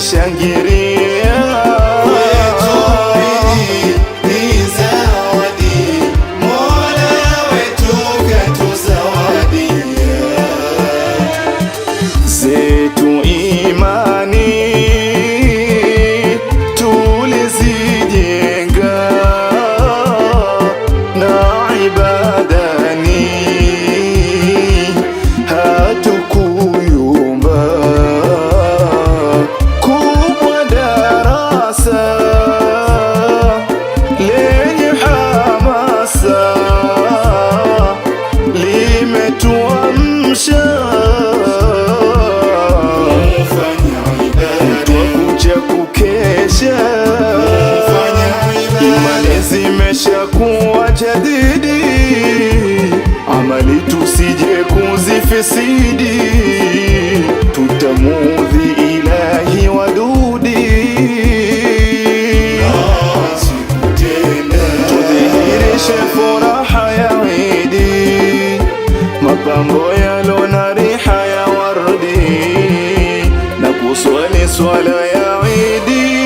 ateşe girin umetuamsha twakuja kukesha, imani zimeshakuwa jadidi, amali tusije kuzifisidi mapambo ya luna, riha ya wardi na kuswali swala ya Idi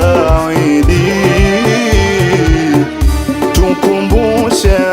Dawidi tukumbushe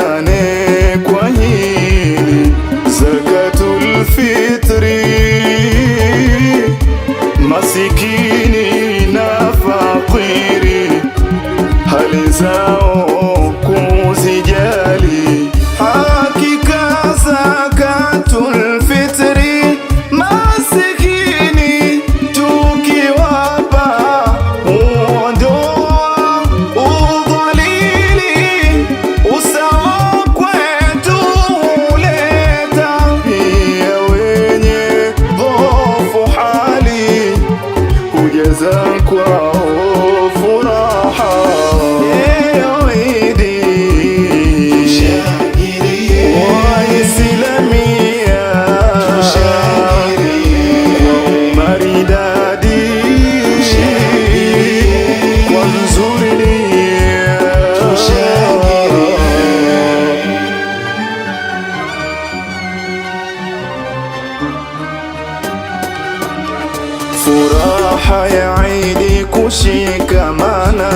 hayaidi kushikamana,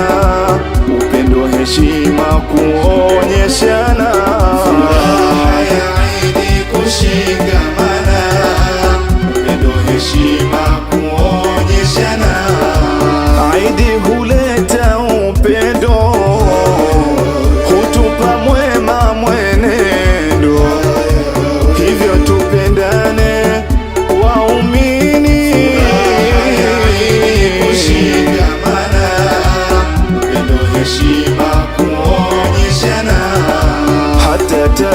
upendo, heshima kuonyeshana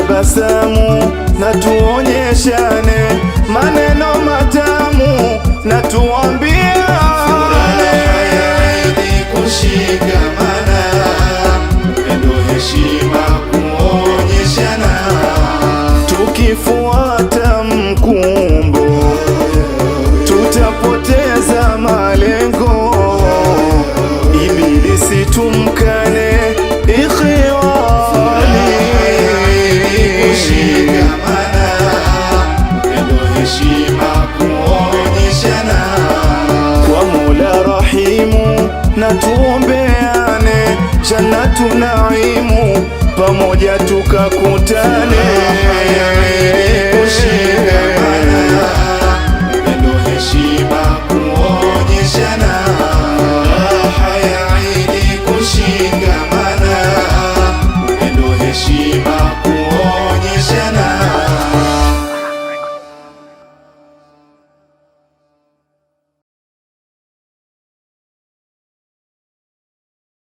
tabasamu na tuonyeshane maneno matamu na tuambiane tunaimu pamoja tukakutane